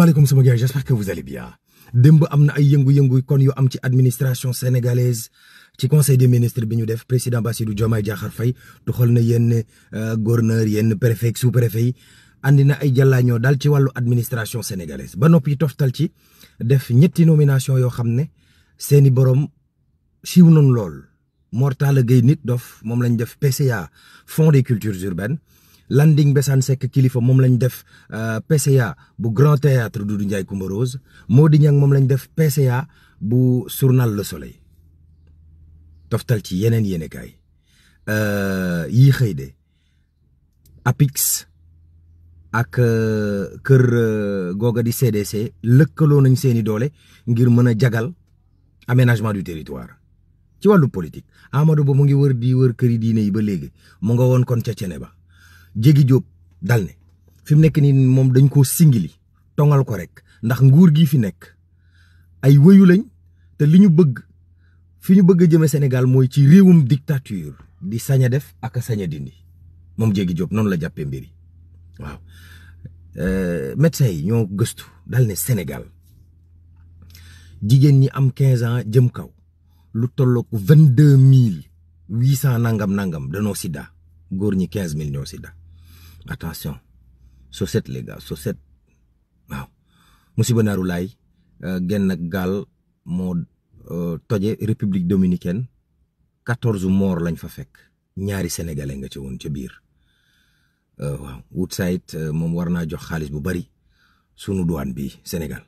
salaamaaleykum sama gars j'espère que vous allez bien démb am na ay yëngu-yëngu kon yu am ci administration sénégalaise ci conseil des ministres bi ñu def président Bassirou Diomaye Diakhar Faye du xool na yenn euh, gouverneur yenn préfet sous préfet yi andi na ay jàllaañoo daal ci wàllu administration sénégalaise ba noppi toftal ci def ñetti nomination yoo xam ne seeni borom siiw nañ lool Mortala Gueye nit dof moom lañ def PCA fond des cultures urbaines Landing besan Seck kilifa moom lañ def euh, PCA bu Grand Théâtre du Ndiaye Coumba Rose Mody Niang moom lañ def PCA bu surnal la Soleil toftal ci yeneen yéenekaay euh, yii xëy de APIX ak euh, kër googa di se lëkkaloo nañ seeni doole ngir mën a jagal aménagement du territoire ci wàllu politique Amadou Ba mu ngi wër di wër këri diine yi ba léegi mu nga woon kon ca ba Jéggi Jóob dal ne fi mu nekk nii moom dañ koo singili tongal ko rek ndax nguur gi fi nekk ay wëyu lañ te li ñu bëgg fi ñu bëgg a jëme Sénégal mooy ci réewum dictature di sañ a def ak a dindi moom Jéggi Jóob noonu la jàppee mbir yi waaw euh, médecins yi ñoo gëstu dal ne Sénégal jigéen ñi am 15 ans jëm kaw lu vingt tolloog mil mille 800 nangam nangam danoo sida góor ñi 15 mille ñoo sida attention Sosét les gars Sosét waaw musiba naaru laay euh, genn gaal moo euh, toje république dominicaine quatorze morts lañ fa fekk ñaari sénégalais nga ci woon ca biir euh, waaw Woodside moom war naa jox xaalis bu bari sunu douane bi Sénégal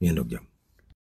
ñeen doog jàmm